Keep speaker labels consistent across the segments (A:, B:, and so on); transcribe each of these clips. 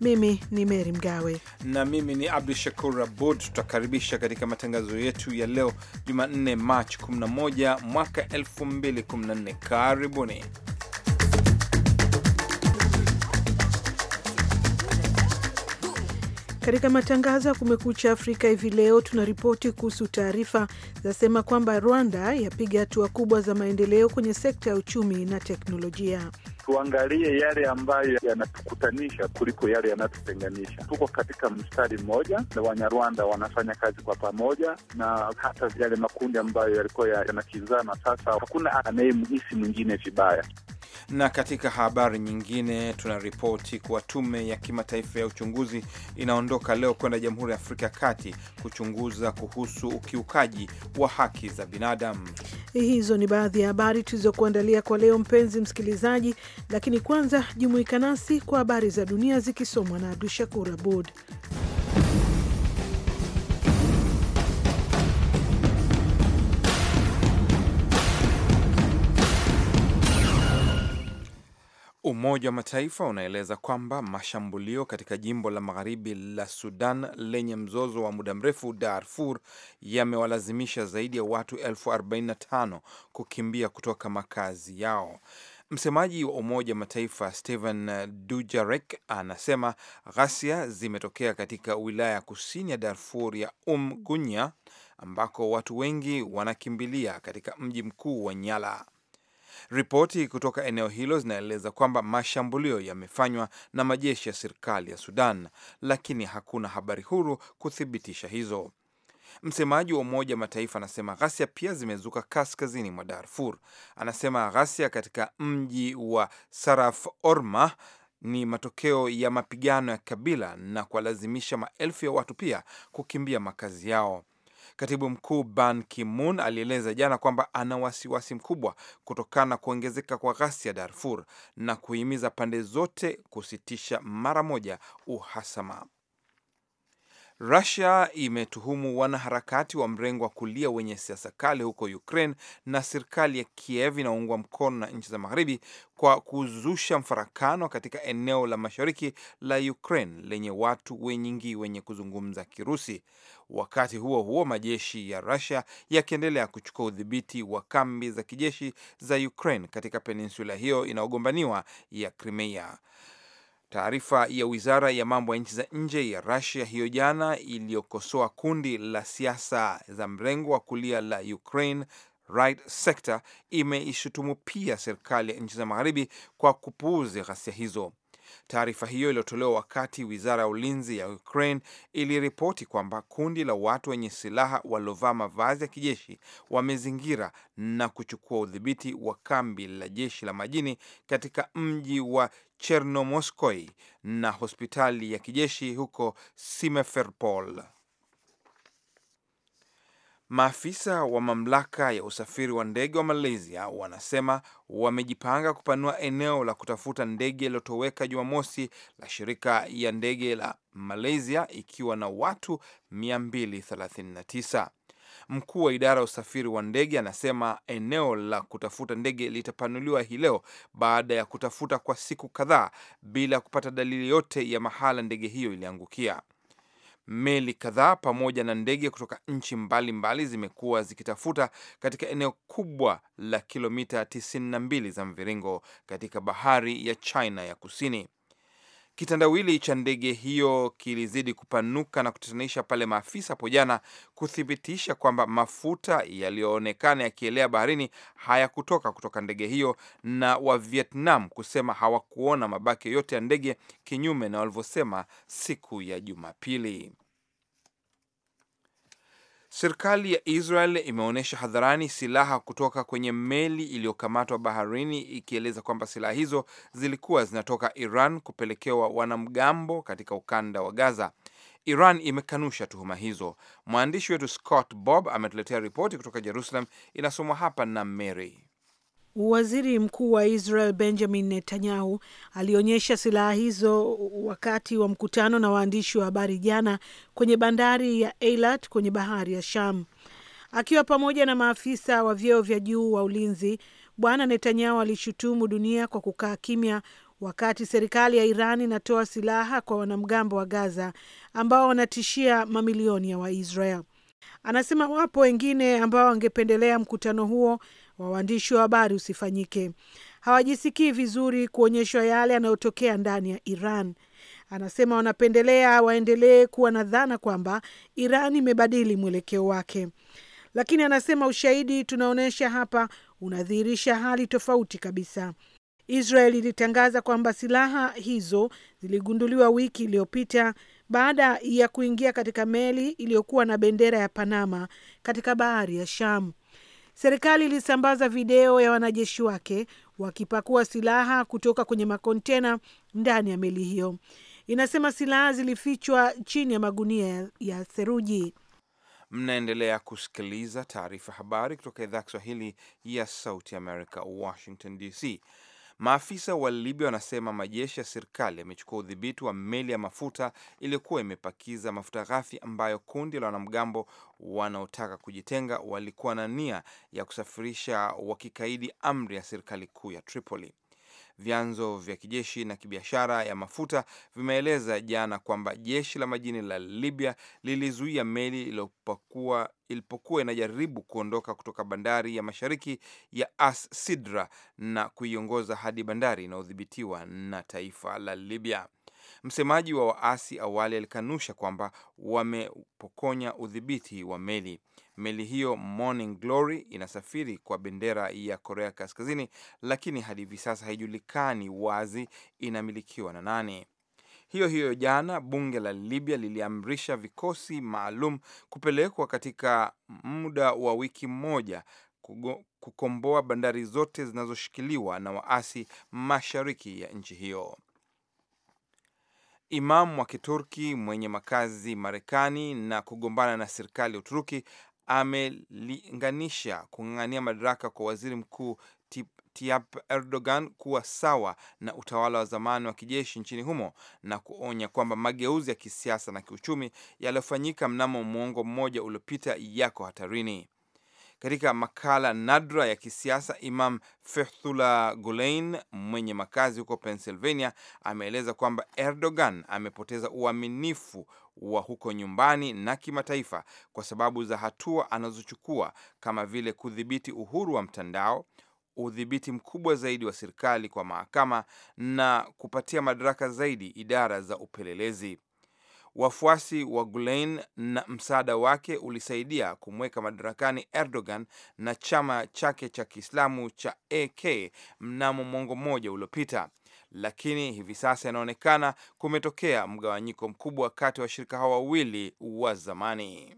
A: Mimi ni Meri Mgawe
B: na mimi ni Abdu Shakur Abud. Tutakaribisha katika matangazo yetu ya leo Jumanne, Machi 11 mwaka 2014. Karibuni.
A: Katika matangazo ya Kumekucha Afrika hivi leo tunaripoti kuhusu taarifa zinasema kwamba Rwanda yapiga hatua kubwa za maendeleo kwenye sekta ya uchumi na teknolojia
C: tuangalie yale ambayo yanatukutanisha kuliko yale yanatutenganisha. Tuko katika mstari mmoja, na Wanyarwanda wanafanya kazi kwa pamoja, na hata yale makundi ambayo yalikuwa yanakizana, sasa hakuna anayemhisi mwingine vibaya.
B: Na katika habari nyingine, tuna ripoti kuwa tume ya kimataifa ya uchunguzi inaondoka leo kwenda Jamhuri ya Afrika ya Kati kuchunguza kuhusu ukiukaji wa haki za binadamu.
A: Hizo ni baadhi ya habari tulizokuandalia kwa leo, mpenzi msikilizaji lakini kwanza jumuika nasi kwa habari za dunia zikisomwa na Abdu Shakur Abud.
B: Umoja wa Mataifa unaeleza kwamba mashambulio katika jimbo la magharibi la Sudan lenye mzozo wa muda mrefu Darfur yamewalazimisha zaidi ya watu elfu 45 kukimbia kutoka makazi yao. Msemaji wa Umoja wa Mataifa Stephen Dujarek anasema ghasia zimetokea katika wilaya ya kusini ya Darfur ya Um Gunya ambako watu wengi wanakimbilia katika mji mkuu wa Nyala. Ripoti kutoka eneo hilo zinaeleza kwamba mashambulio yamefanywa na majeshi ya serikali ya Sudan, lakini hakuna habari huru kuthibitisha hizo. Msemaji wa Umoja wa Mataifa anasema ghasia pia zimezuka kaskazini mwa Darfur. Anasema ghasia katika mji wa Saraf Orma ni matokeo ya mapigano ya kabila na kuwalazimisha maelfu ya watu pia kukimbia makazi yao. Katibu mkuu Ban Ki-moon alieleza jana kwamba ana wasiwasi mkubwa kutokana na kuongezeka kwa ghasia Darfur na kuhimiza pande zote kusitisha mara moja uhasama. Rusia imetuhumu wanaharakati wa mrengo wa kulia wenye siasa kali huko Ukraine na serikali ya Kiev inaungwa mkono na nchi za magharibi kwa kuzusha mfarakano katika eneo la mashariki la Ukraine lenye watu wenyingi wenye kuzungumza Kirusi. Wakati huo huo, majeshi ya Rusia yakiendelea kuchukua udhibiti wa kambi za kijeshi za Ukraine katika peninsula hiyo inayogombaniwa ya Crimea. Taarifa ya wizara ya mambo ya nchi za nje ya rasia hiyo jana iliyokosoa kundi la siasa za mrengo wa kulia la Ukraine Right Sector imeishutumu pia serikali ya nchi za magharibi kwa kupuuza ghasia hizo. Taarifa hiyo iliyotolewa wakati wizara ya ulinzi ya Ukraine iliripoti kwamba kundi la watu wenye silaha waliovaa mavazi ya kijeshi wamezingira na kuchukua udhibiti wa kambi la jeshi la majini katika mji wa Chernomoskoi na hospitali ya kijeshi huko simeferpol Maafisa wa mamlaka ya usafiri wa ndege wa Malaysia wanasema wamejipanga kupanua eneo la kutafuta ndege iliyotoweka Jumamosi la shirika ya ndege la Malaysia ikiwa na watu 239. Mkuu wa idara ya usafiri wa ndege anasema eneo la kutafuta ndege litapanuliwa hii leo baada ya kutafuta kwa siku kadhaa bila kupata dalili yote ya mahala ndege hiyo iliangukia. Meli kadhaa pamoja na ndege kutoka nchi mbalimbali zimekuwa zikitafuta katika eneo kubwa la kilomita 92 za mviringo katika bahari ya China ya Kusini. Kitandawili cha ndege hiyo kilizidi kupanuka na kutatanisha pale maafisa hapo jana kuthibitisha kwamba mafuta yaliyoonekana yakielea baharini hayakutoka kutoka ndege hiyo, na wa Vietnam kusema hawakuona mabaki yote ya ndege, kinyume na walivyosema siku ya Jumapili. Serikali ya Israel imeonyesha hadharani silaha kutoka kwenye meli iliyokamatwa baharini, ikieleza kwamba silaha hizo zilikuwa zinatoka Iran kupelekewa wanamgambo katika ukanda wa Gaza. Iran imekanusha tuhuma hizo. Mwandishi wetu Scott Bob ametuletea ripoti kutoka Jerusalem, inasomwa hapa na Mary.
A: Waziri Mkuu wa Israel Benjamin Netanyahu alionyesha silaha hizo wakati wa mkutano na waandishi wa habari jana kwenye bandari ya Eilat kwenye bahari ya Sham. Akiwa pamoja na maafisa wa vyeo vya juu wa ulinzi, Bwana Netanyahu alishutumu dunia kwa kukaa kimya wakati serikali ya Iran inatoa silaha kwa wanamgambo wa Gaza ambao wanatishia mamilioni ya Waisrael. Anasema wapo wengine ambao wangependelea mkutano huo wa waandishi wa habari usifanyike. Hawajisikii vizuri kuonyeshwa yale yanayotokea ndani ya Iran. Anasema wanapendelea waendelee kuwa na dhana kwamba Iran imebadili mwelekeo wake, lakini anasema ushahidi tunaonyesha hapa unadhihirisha hali tofauti kabisa. Israel ilitangaza kwamba silaha hizo ziligunduliwa wiki iliyopita baada ya kuingia katika meli iliyokuwa na bendera ya Panama katika bahari ya Shamu. Serikali ilisambaza video ya wanajeshi wake wakipakua silaha kutoka kwenye makontena ndani ya meli hiyo. Inasema silaha zilifichwa chini ya magunia ya theruji.
B: Mnaendelea kusikiliza taarifa habari kutoka idhaa ya Kiswahili ya Sauti Amerika, Washington DC. Maafisa wa Libya wanasema majeshi ya serikali yamechukua udhibiti wa meli ya mafuta iliyokuwa imepakiza mafuta ghafi ambayo kundi la wanamgambo wanaotaka kujitenga walikuwa na nia ya kusafirisha wakikaidi amri ya serikali kuu ya Tripoli. Vyanzo vya kijeshi na kibiashara ya mafuta vimeeleza jana kwamba jeshi la majini la Libya lilizuia meli ilipokuwa inajaribu kuondoka kutoka bandari ya mashariki ya As Sidra na kuiongoza hadi bandari inayodhibitiwa na taifa la Libya. Msemaji wa waasi awali alikanusha kwamba wamepokonya udhibiti wa meli. Meli hiyo Morning Glory inasafiri kwa bendera ya Korea Kaskazini, lakini hadi hivi sasa haijulikani wazi inamilikiwa na nani. Hiyo hiyo jana, bunge la Libya liliamrisha vikosi maalum kupelekwa katika muda wa wiki moja kukomboa bandari zote zinazoshikiliwa na waasi mashariki ya nchi hiyo. Imamu wa Kiturki mwenye makazi Marekani na kugombana na serikali ya Uturuki amelinganisha kung'ang'ania madaraka kwa waziri mkuu Tayyip Erdogan kuwa sawa na utawala wa zamani wa kijeshi nchini humo na kuonya kwamba mageuzi ya kisiasa na kiuchumi yaliyofanyika mnamo muongo mmoja uliopita yako hatarini. Katika makala nadra ya kisiasa, Imam Fethullah Gulen mwenye makazi huko Pennsylvania ameeleza kwamba Erdogan amepoteza uaminifu wa huko nyumbani na kimataifa kwa sababu za hatua anazochukua kama vile kudhibiti uhuru wa mtandao, udhibiti mkubwa zaidi wa serikali kwa mahakama na kupatia madaraka zaidi idara za upelelezi. Wafuasi wa Gulen na msaada wake ulisaidia kumweka madarakani Erdogan na chama chake cha Kiislamu cha AK mnamo mwongo mmoja uliopita, lakini hivi sasa inaonekana kumetokea mgawanyiko mkubwa kati ya washirika hao wawili wa zamani.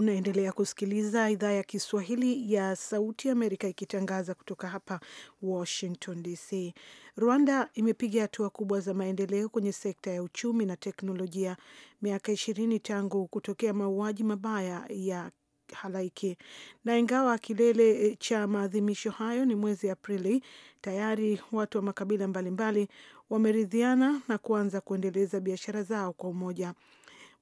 A: Unaendelea kusikiliza idhaa ya Kiswahili ya Sauti Amerika ikitangaza kutoka hapa Washington DC. Rwanda imepiga hatua kubwa za maendeleo kwenye sekta ya uchumi na teknolojia miaka ishirini tangu kutokea mauaji mabaya ya halaiki na ingawa kilele e, cha maadhimisho hayo ni mwezi Aprili, tayari watu wa makabila mbalimbali wameridhiana na kuanza kuendeleza biashara zao kwa umoja.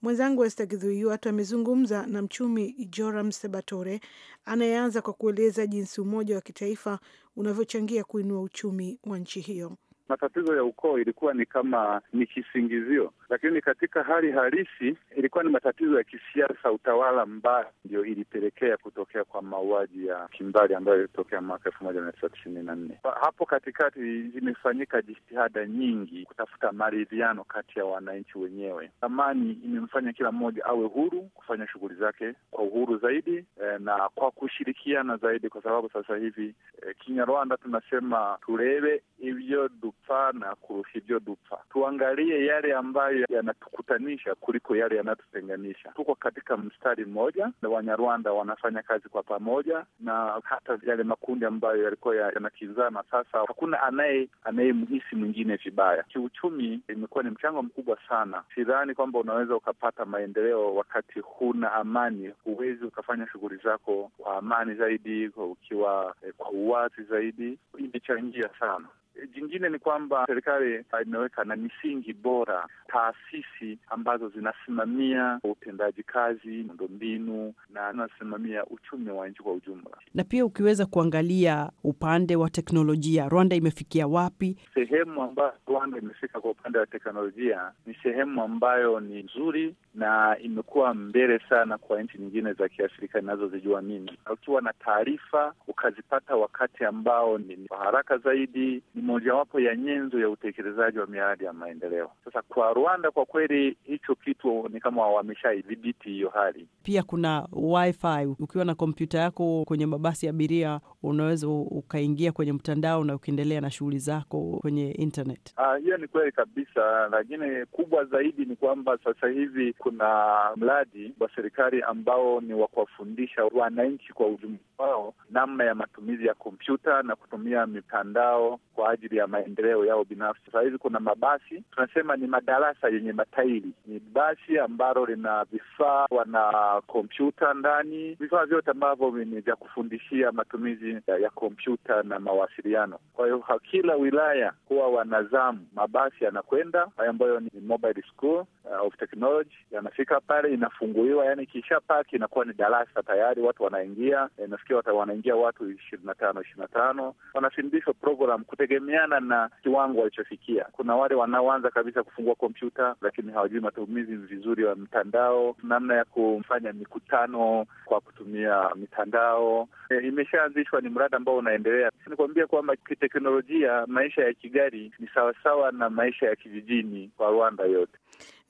A: Mwenzangu Esther Githuiwat amezungumza na mchumi Joram Sebatore anayeanza kwa kueleza jinsi umoja wa kitaifa unavyochangia kuinua uchumi wa nchi hiyo.
C: Matatizo ya ukoo ilikuwa ni kama ni kisingizio lakini katika hali halisi ilikuwa ni matatizo ya kisiasa, utawala mbaya ndio ilipelekea kutokea kwa mauaji ya kimbali ambayo ilitokea mwaka elfu moja mia tisa tisini na nne. Hapo katikati zimefanyika jitihada nyingi kutafuta maridhiano kati ya wananchi wenyewe. Amani imemfanya kila mmoja awe huru kufanya shughuli zake kwa uhuru zaidi eh, na kwa kushirikiana zaidi, kwa sababu sasa hivi eh, Kinyarwanda tunasema tulewe ivyo dupfa na kuruha ivyo dupfa, tuangalie yale ambayo yanatukutanisha kuliko yale yanatutenganisha. Tuko katika mstari mmoja, na Wanyarwanda wanafanya kazi kwa pamoja, na hata yale makundi ambayo yalikuwa yanakinzana sasa hakuna anaye anayemhisi mwingine vibaya. Kiuchumi imekuwa ni mchango mkubwa sana. Sidhani kwamba unaweza ukapata maendeleo wakati huna amani. Huwezi ukafanya shughuli zako kwa amani zaidi, ukiwa eh, kwa uwazi zaidi. Imechangia sana Jingine ni kwamba serikali ah, imeweka na misingi bora, taasisi ambazo zinasimamia utendaji kazi, miundombinu na zinasimamia uchumi wa nchi kwa ujumla.
A: Na pia ukiweza kuangalia upande wa teknolojia, Rwanda imefikia wapi?
C: Sehemu ambayo Rwanda imefika kwa upande wa teknolojia ni sehemu ambayo ni nzuri na imekuwa mbele sana kwa nchi nyingine za Kiafrika inazozijua mimi. Ukiwa na taarifa ukazipata wakati ambao ni kwa haraka zaidi, ni mojawapo ya nyenzo ya utekelezaji wa miradi ya maendeleo. Sasa kwa Rwanda, kwa kweli hicho kitu ni kama wameshaidhibiti hiyo hali.
A: Pia kuna wifi, ukiwa na kompyuta yako kwenye mabasi ya abiria unaweza ukaingia kwenye mtandao na ukiendelea na shughuli zako kwenye internet.
C: Ah, hiyo ni kweli kabisa, lakini kubwa zaidi ni kwamba sasa hivi kuna mradi wa serikali ambao ni wa kuwafundisha wananchi kwa ujumla wao namna ya matumizi ya kompyuta na kutumia mitandao kwa ajili ya maendeleo yao binafsi. Sasa hivi kuna mabasi tunasema ni madarasa yenye matairi, ni basi ambalo lina vifaa, wana kompyuta ndani, vifaa vyote ambavyo ni vya kufundishia matumizi ya kompyuta na mawasiliano. Kwa hiyo kila wilaya huwa wanazamu mabasi yanakwenda hayo ambayo ni mobile school uh, of technology yanafika pale, inafunguliwa yani, kisha paki inakuwa ni darasa tayari, watu wanaingia. E, nafikiri wata wanaingia watu ishirini na tano ishirini na tano wanafundishwa program kutegemeana na kiwango walichofikia. Kuna wale wanaoanza kabisa kufungua kompyuta, lakini hawajui matumizi vizuri ya mtandao, namna ya kufanya mikutano kwa kutumia mitandao. E, imeshaanzishwa, ni mradi ambao unaendelea. Nikuambia kwamba kiteknolojia, maisha ya Kigali ni sawasawa na maisha ya kijijini kwa Rwanda yote.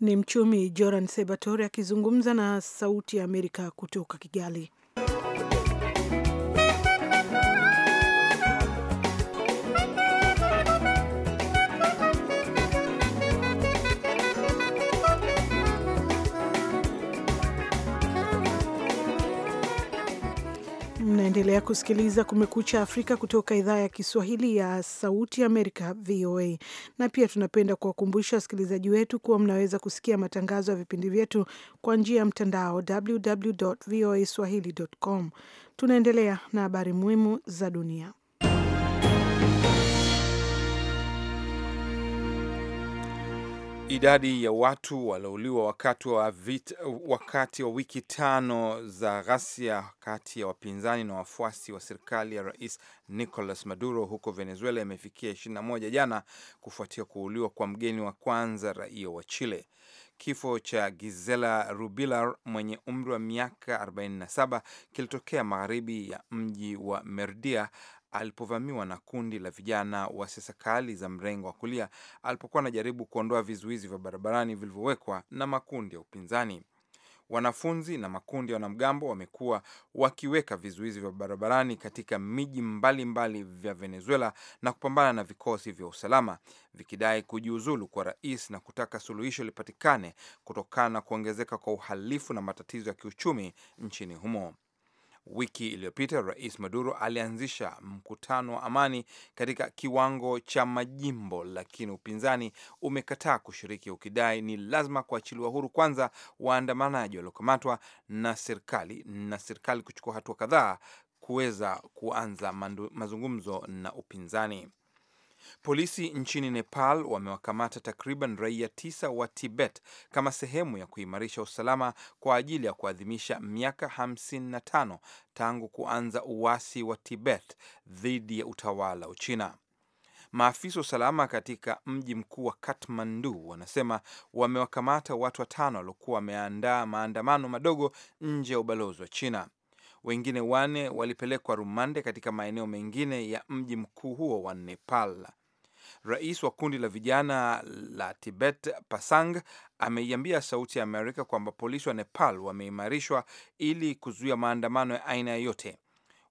A: Ni mchumi Joran Sebatore akizungumza na Sauti ya Amerika kutoka Kigali. Unaendelea kusikiliza Kumekucha Afrika kutoka idhaa ya Kiswahili ya Sauti Amerika, VOA. Na pia tunapenda kuwakumbusha wasikilizaji wetu kuwa mnaweza kusikia matangazo ya vipindi vyetu kwa njia ya mtandao www voa swahili com. Tunaendelea na habari muhimu za dunia.
B: Idadi ya watu waliouliwa wakati wa vita, wakati wa wiki tano za ghasia kati ya wapinzani na wafuasi wa serikali ya Rais Nicolas Maduro huko Venezuela imefikia 21 jana kufuatia kuuliwa kwa mgeni wa kwanza raia wa Chile. Kifo cha Gisela Rubilar mwenye umri wa miaka 47 kilitokea magharibi ya mji wa Merdia alipovamiwa na kundi la vijana wa siasa kali za mrengo wa kulia alipokuwa anajaribu kuondoa vizuizi vya barabarani vilivyowekwa na makundi ya upinzani. Wanafunzi na makundi ya wanamgambo wamekuwa wakiweka vizuizi vya barabarani katika miji mbalimbali vya Venezuela na kupambana na vikosi vya usalama vikidai kujiuzulu kwa rais na kutaka suluhisho lipatikane kutokana na kuongezeka kwa uhalifu na matatizo ya kiuchumi nchini humo. Wiki iliyopita Rais Maduro alianzisha mkutano wa amani katika kiwango cha majimbo, lakini upinzani umekataa kushiriki, ukidai ni lazima kuachiliwa huru kwanza waandamanaji waliokamatwa na serikali na serikali kuchukua hatua kadhaa kuweza kuanza mandu, mazungumzo na upinzani. Polisi nchini Nepal wamewakamata takriban raia tisa wa Tibet kama sehemu ya kuimarisha usalama kwa ajili ya kuadhimisha miaka 55 tangu kuanza uasi wa Tibet dhidi ya utawala Uchina. Maafisa wa usalama katika mji mkuu wa Kathmandu wanasema wamewakamata watu watano waliokuwa wameandaa maandamano madogo nje ya ubalozi wa China. Wengine wane walipelekwa rumande katika maeneo mengine ya mji mkuu huo wa Nepal. Rais wa kundi la vijana la Tibet Pasang ameiambia Sauti ya Amerika kwamba polisi wa Nepal wameimarishwa ili kuzuia maandamano ya aina yoyote.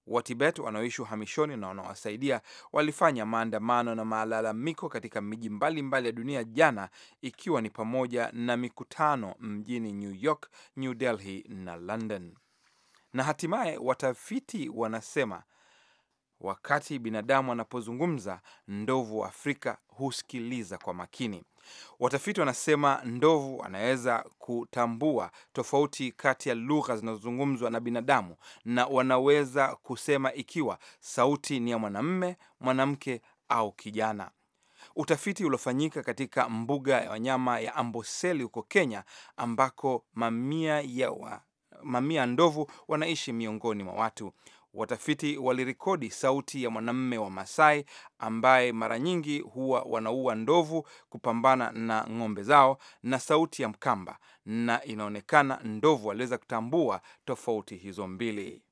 B: Watibet wanaoishi uhamishoni na wanawasaidia walifanya maandamano na malalamiko katika miji mbalimbali ya dunia jana, ikiwa ni pamoja na mikutano mjini New York, New Delhi na London. Na hatimaye watafiti wanasema Wakati binadamu anapozungumza, ndovu wa Afrika husikiliza kwa makini. Watafiti wanasema ndovu anaweza kutambua tofauti kati ya lugha zinazozungumzwa na binadamu, na wanaweza kusema ikiwa sauti ni ya mwanamume, mwanamke au kijana. Utafiti uliofanyika katika mbuga ya wanyama ya Amboseli huko Kenya, ambako mamia ya wa mamia ndovu wanaishi miongoni mwa watu Watafiti walirekodi sauti ya mwanamume wa Masai ambaye mara nyingi huwa wanaua ndovu kupambana na ng'ombe zao na sauti ya Mkamba, na inaonekana ndovu aliweza kutambua tofauti hizo mbili.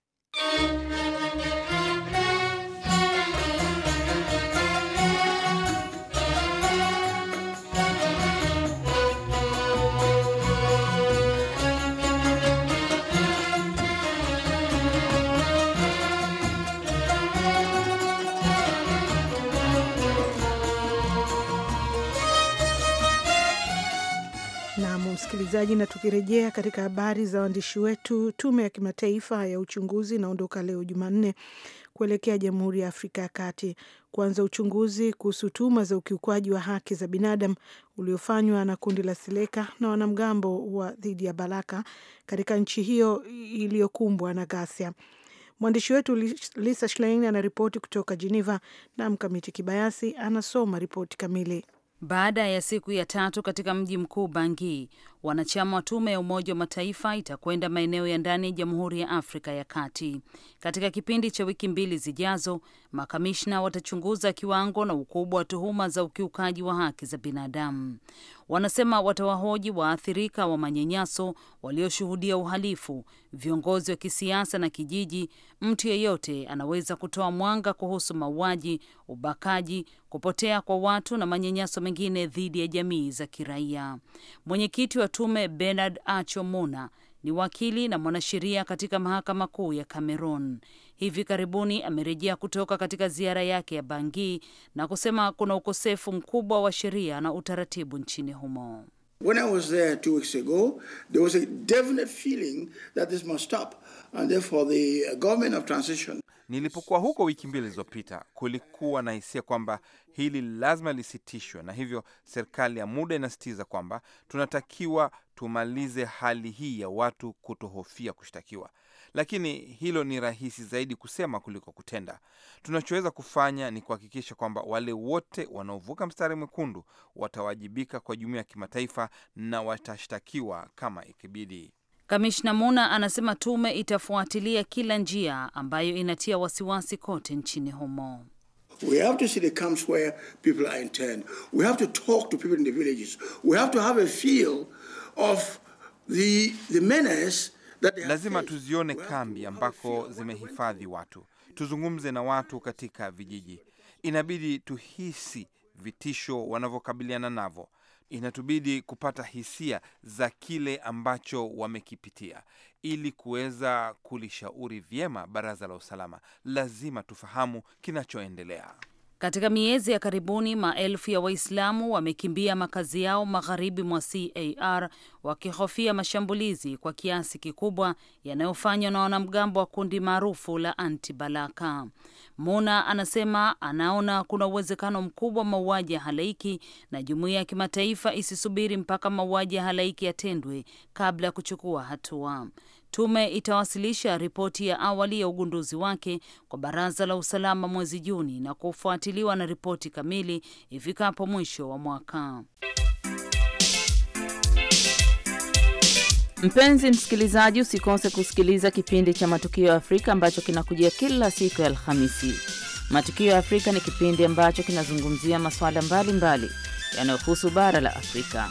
A: msikilizaji, na tukirejea katika habari za waandishi wetu, tume ya kimataifa ya uchunguzi inaondoka leo Jumanne kuelekea Jamhuri ya Afrika ya Kati kuanza uchunguzi kuhusu tuhuma za ukiukwaji wa haki za binadamu uliofanywa na kundi la sileka na wanamgambo wa dhidi ya Balaka katika nchi hiyo iliyokumbwa na ghasia. Mwandishi wetu Lisa Schlein anaripoti kutoka Geneva na Mkamiti Kibayasi anasoma ripoti kamili.
D: Baada ya siku ya tatu katika mji mkuu Bangi, wanachama wa tume ya Umoja wa Mataifa itakwenda maeneo ya ndani ya Jamhuri ya Afrika ya Kati. Katika kipindi cha wiki mbili zijazo, makamishna watachunguza kiwango na ukubwa wa tuhuma za ukiukaji wa haki za binadamu. Wanasema watawahoji waathirika wa manyanyaso walioshuhudia uhalifu, viongozi wa kisiasa na kijiji. Mtu yeyote anaweza kutoa mwanga kuhusu mauaji, ubakaji, kupotea kwa watu na manyanyaso mengine dhidi ya jamii za kiraia. Mwenyekiti wa tume Bernard Acho Muna ni wakili na mwanasheria katika mahakama kuu ya Cameroon. Hivi karibuni amerejea kutoka katika ziara yake ya bangi na kusema kuna ukosefu mkubwa wa sheria na utaratibu nchini humo. When I was
E: there two weeks ago, there was a definite feeling that this must stop and therefore the government of transition.
B: Nilipokuwa huko wiki mbili zilizopita, kulikuwa na hisia kwamba hili lazima lisitishwe, na hivyo serikali ya muda inasitiza kwamba tunatakiwa tumalize hali hii ya watu kutohofia kushtakiwa. Lakini hilo ni rahisi zaidi kusema kuliko kutenda. Tunachoweza kufanya ni kuhakikisha kwamba wale wote wanaovuka mstari mwekundu watawajibika kwa jumuiya ya kimataifa na watashtakiwa kama ikibidi.
D: Kamishna Muna anasema tume itafuatilia kila njia ambayo inatia wasiwasi kote nchini humo.
B: We have to see the camps
E: where people are interned. We have to talk to people in the villages. We have to have a feel
B: of the, the menace that they lazima tuzione kambi ambako zimehifadhi watu, tuzungumze na watu katika vijiji. Inabidi tuhisi vitisho wanavyokabiliana navyo, inatubidi kupata hisia za kile ambacho wamekipitia ili kuweza kulishauri vyema Baraza la Usalama. Lazima tufahamu kinachoendelea.
D: Katika miezi ya karibuni maelfu ya Waislamu wamekimbia makazi yao magharibi mwa CAR wakihofia mashambulizi kwa kiasi kikubwa yanayofanywa na wanamgambo wa kundi maarufu la antibalaka Muna anasema anaona kuna uwezekano mkubwa wa mauaji ya halaiki na jumuiya ya kimataifa isisubiri mpaka mauaji ya halaiki yatendwe kabla ya kuchukua hatua. Tume itawasilisha ripoti ya awali ya ugunduzi wake kwa Baraza la Usalama mwezi Juni na kufuatiliwa na ripoti kamili ifikapo mwisho wa mwaka. Mpenzi msikilizaji, usikose kusikiliza kipindi cha Matukio ya Afrika ambacho kinakujia kila siku ya Alhamisi. Matukio ya Afrika ni kipindi ambacho kinazungumzia masuala mbalimbali yanayohusu bara la Afrika.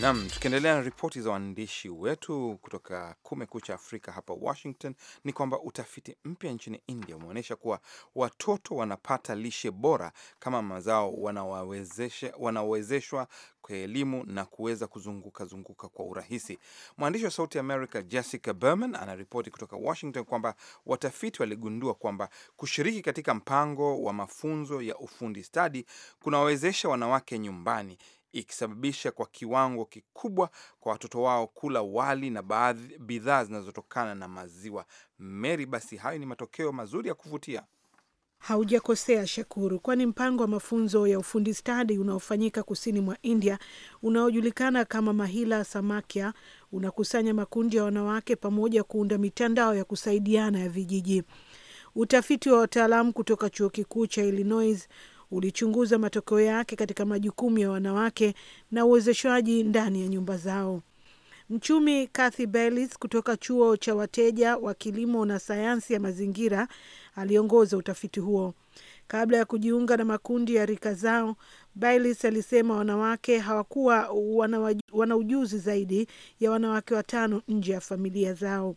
B: Nam, tukiendelea na ripoti za waandishi wetu kutoka Kumekucha Afrika hapa Washington, ni kwamba utafiti mpya nchini India umeonyesha kuwa watoto wanapata lishe bora kama mazao wanawezeshwa kwa elimu na kuweza kuzunguka zunguka kwa urahisi. Mwandishi wa Sauti America Jessica Berman anaripoti kutoka Washington kwamba watafiti waligundua kwamba kushiriki katika mpango wa mafunzo ya ufundi stadi kunawawezesha wanawake nyumbani ikisababisha kwa kiwango kikubwa kwa watoto wao kula wali na baadhi bidhaa zinazotokana na maziwa. Mary, basi hayo ni matokeo mazuri ya kuvutia.
A: Haujakosea Shakuru, kwani mpango wa mafunzo ya ufundi stadi unaofanyika kusini mwa India unaojulikana kama Mahila Samakya unakusanya makundi ya wanawake pamoja kuunda mitandao ya kusaidiana ya vijiji. Utafiti wa wataalamu kutoka chuo kikuu cha Illinois ulichunguza matokeo yake katika majukumu ya wanawake na uwezeshaji ndani ya nyumba zao. Mchumi Kathy Bayliss kutoka chuo cha wateja wa kilimo na sayansi ya mazingira aliongoza utafiti huo. Kabla ya kujiunga na makundi ya rika zao, Bayliss alisema wanawake hawakuwa wana ujuzi zaidi ya wanawake watano nje ya familia zao.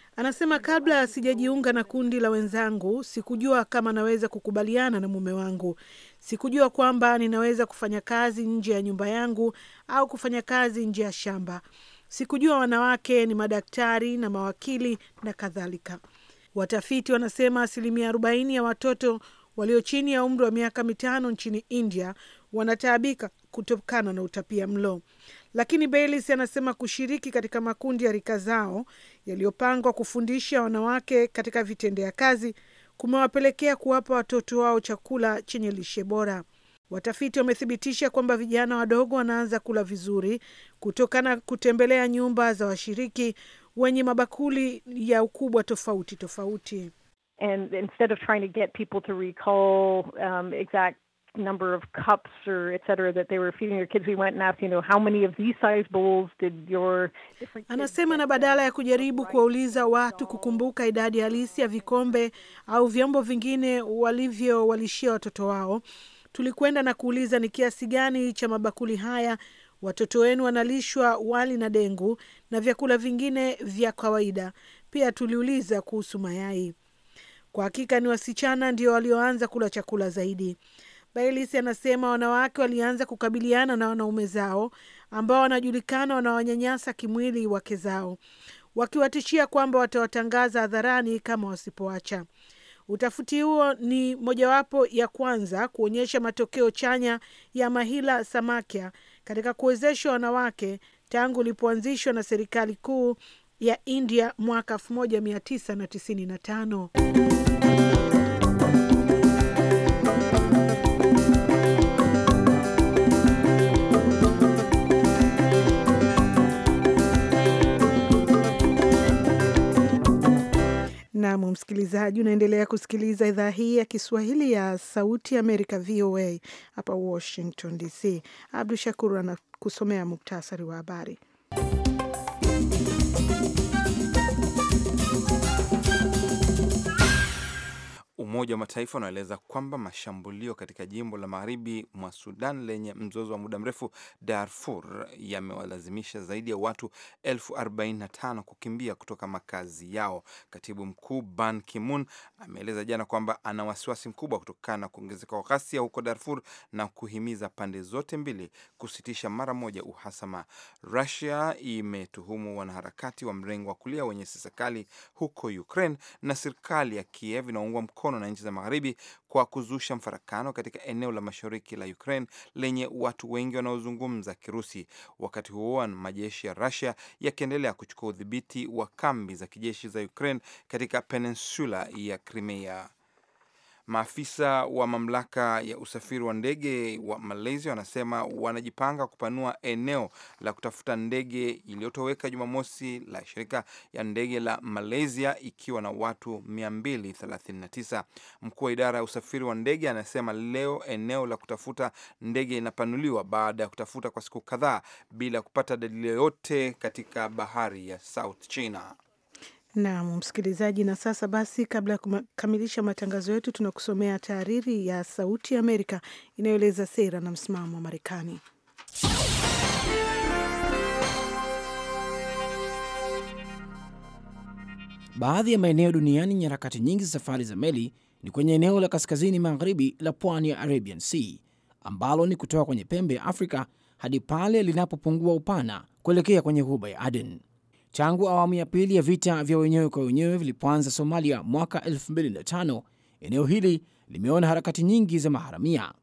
A: Anasema kabla sijajiunga na kundi la wenzangu, sikujua kama naweza kukubaliana na mume wangu. Sikujua kwamba ninaweza kufanya kazi nje ya nyumba yangu au kufanya kazi nje ya shamba. Sikujua wanawake ni madaktari na mawakili na kadhalika. Watafiti wanasema asilimia arobaini ya watoto walio chini ya umri wa miaka mitano nchini India wanataabika kutokana na utapia mlo, lakini Baylis anasema kushiriki katika makundi ya rika zao yaliyopangwa kufundisha wanawake katika vitendea kazi kumewapelekea kuwapa watoto wao chakula chenye lishe bora. Watafiti wamethibitisha kwamba vijana wadogo wanaanza kula vizuri kutokana kutembelea nyumba za washiriki wenye mabakuli ya ukubwa tofauti tofauti and instead of trying to get people to recall um, exact number of cups or et cetera that they were feeding their kids, we went and asked, you know, how many of these size bowls did your anasema, na badala ya kujaribu kuwauliza watu kukumbuka idadi halisi ya vikombe au vyombo vingine walivyo walishia watoto wao, tulikwenda na kuuliza ni kiasi gani cha mabakuli haya watoto wenu wanalishwa wali na dengu na vyakula vingine vya kawaida. Pia tuliuliza kuhusu mayai. Kwa hakika ni wasichana ndio walioanza kula chakula zaidi. Bailis anasema wanawake walianza kukabiliana na wanaume zao ambao wanajulikana wanawanyanyasa kimwili wake zao, wakiwatishia kwamba watawatangaza hadharani kama wasipoacha. Utafiti huo ni mojawapo ya kwanza kuonyesha matokeo chanya ya Mahila Samakia katika kuwezesha wanawake tangu ulipoanzishwa na serikali kuu ya India mwaka 1995. Nam msikilizaji, unaendelea kusikiliza idhaa hii ya Kiswahili ya Sauti Amerika, VOA hapa Washington DC. Abdu Shakur anakusomea muktasari wa habari.
B: Umoja wa Mataifa unaeleza kwamba mashambulio katika jimbo la magharibi mwa Sudan lenye mzozo wa muda mrefu Darfur yamewalazimisha zaidi ya watu elfu 45 kukimbia kutoka makazi yao. Katibu mkuu Ban Ki-moon ameeleza jana kwamba ana wasiwasi mkubwa kutokana na kuongezeka kwa ghasia huko Darfur na kuhimiza pande zote mbili kusitisha mara moja uhasama. Russia imetuhumu wanaharakati wa mrengo wa kulia wenye siasa kali huko Ukraine na serikali ya Kiev inaungwa mkono na nchi za magharibi kwa kuzusha mfarakano katika eneo la mashariki la Ukraine lenye watu wengi wanaozungumza Kirusi. Wakati huo majeshi ya Russia yakiendelea kuchukua udhibiti wa kambi za kijeshi za Ukraine katika peninsula ya Crimea. Maafisa wa mamlaka ya usafiri wa ndege wa Malaysia wanasema wanajipanga kupanua eneo la kutafuta ndege iliyotoweka Jumamosi la shirika ya ndege la Malaysia ikiwa na watu 239. Mkuu wa idara ya usafiri wa ndege anasema leo eneo la kutafuta ndege inapanuliwa baada ya kutafuta kwa siku kadhaa bila kupata dalili yoyote katika bahari ya South China.
A: Naam msikilizaji, na sasa basi, kabla ya kukamilisha matangazo yetu, tunakusomea taariri ya Sauti ya Amerika inayoeleza sera na msimamo wa Marekani.
E: Baadhi ya maeneo duniani yenye harakati nyingi za safari za meli ni kwenye eneo la kaskazini magharibi la pwani ya Arabian Sea ambalo ni kutoka kwenye pembe ya Afrika hadi pale linapopungua upana kuelekea kwenye ghuba ya Aden. Tangu awamu ya pili ya vita vya wenyewe kwa wenyewe vilipoanza Somalia mwaka 2005 eneo hili limeona harakati nyingi za maharamia.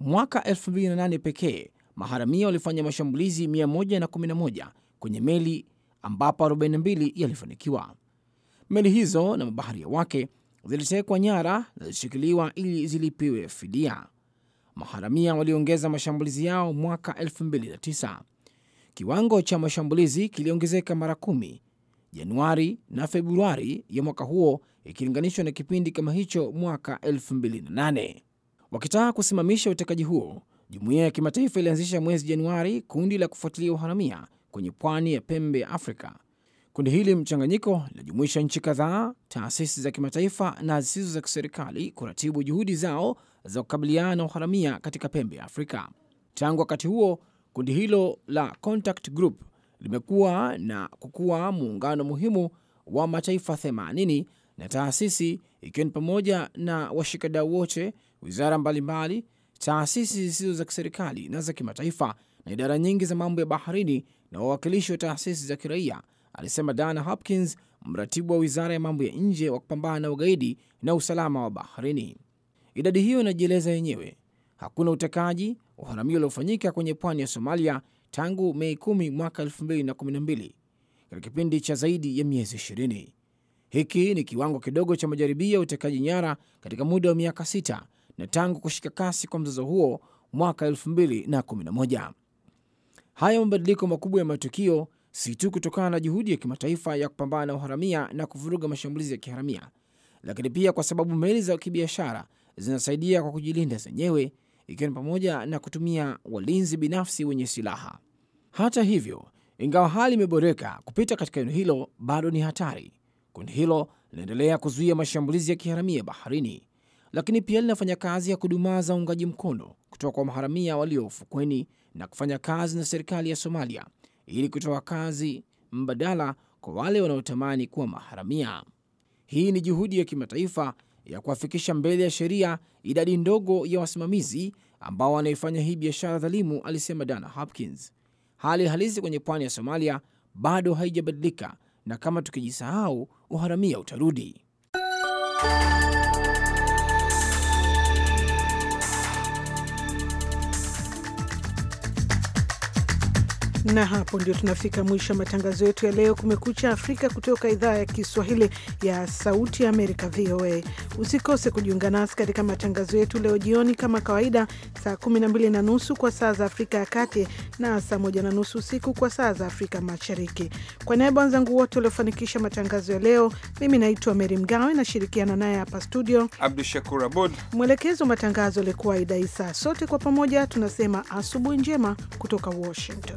E: Mwaka 2008 pekee maharamia walifanya mashambulizi 111 kwenye meli ambapo 42 yalifanikiwa. Meli hizo na mabaharia wake zilitekwa nyara na zilishikiliwa ili zilipiwe fidia. Maharamia waliongeza mashambulizi yao mwaka kiwango cha mashambulizi kiliongezeka mara kumi Januari na Februari ya mwaka huo ikilinganishwa na kipindi kama hicho mwaka 28 Wakitaka kusimamisha utekaji huo, jumuiya ya kimataifa ilianzisha mwezi Januari kundi la kufuatilia uharamia kwenye pwani ya pembe ya Afrika. Kundi hili mchanganyiko linajumuisha nchi kadhaa, taasisi za kimataifa na zisizo za kiserikali kuratibu juhudi zao za kukabiliana na uharamia katika pembe ya Afrika. Tangu wakati huo Kundi hilo la Contact Group limekuwa na kukuwa muungano muhimu wa mataifa 80 na taasisi, ikiwa ni pamoja na washikadau wote, wizara mbalimbali, taasisi zisizo za kiserikali na za kimataifa, na idara nyingi za mambo ya baharini na wawakilishi wa taasisi za kiraia, alisema Dana Hopkins, mratibu wa wizara ya mambo ya nje wa kupambana na ugaidi na usalama wa baharini. Idadi hiyo inajieleza yenyewe hakuna utekaji, uharamia uliofanyika kwenye pwani ya Somalia tangu Mei 10 mwaka 2012 katika kipindi cha zaidi ya miezi 20. Hiki ni kiwango kidogo cha majaribio ya utekaji nyara katika muda wa miaka sita na tangu kushika kasi kwa mzozo huo mwaka 211 Haya mabadiliko makubwa ya matukio si tu kutokana na juhudi ya kimataifa ya kupambana na uharamia na kuvuruga mashambulizi ya kiharamia, lakini pia kwa sababu meli za kibiashara zinasaidia kwa kujilinda zenyewe ikiwa ni pamoja na kutumia walinzi binafsi wenye silaha. Hata hivyo, ingawa hali imeboreka, kupita katika eneo hilo bado ni hatari. Kundi hilo linaendelea kuzuia mashambulizi ya kiharamia baharini, lakini pia linafanya kazi ya kudumaza uungaji mkono kutoka kwa maharamia walio ufukweni na kufanya kazi na serikali ya Somalia ili kutoa kazi mbadala kwa wale wanaotamani kuwa maharamia. Hii ni juhudi ya kimataifa ya kuwafikisha mbele ya sheria idadi ndogo ya wasimamizi ambao wanaifanya hii biashara dhalimu, alisema Dana Hopkins. Hali halisi kwenye pwani ya Somalia bado haijabadilika, na kama tukijisahau uharamia utarudi.
A: Na hapo ndio tunafika mwisho wa matangazo yetu ya leo, Kumekucha Afrika, kutoka idhaa ya Kiswahili ya Sauti ya Amerika, VOA. Usikose kujiunga nasi katika matangazo yetu leo jioni, kama kawaida, saa 12 na nusu kwa saa za Afrika ya Kati na saa 1 na nusu usiku kwa saa za Afrika Mashariki. Kwa niaba wenzangu wote waliofanikisha matangazo ya leo, mimi naitwa Meri Mgawe, nashirikiana naye hapa studio
B: Abdu Shakur Abud.
A: Mwelekezi wa matangazo alikuwa Aida Isa. Sote kwa pamoja tunasema asubuhi njema kutoka Washington.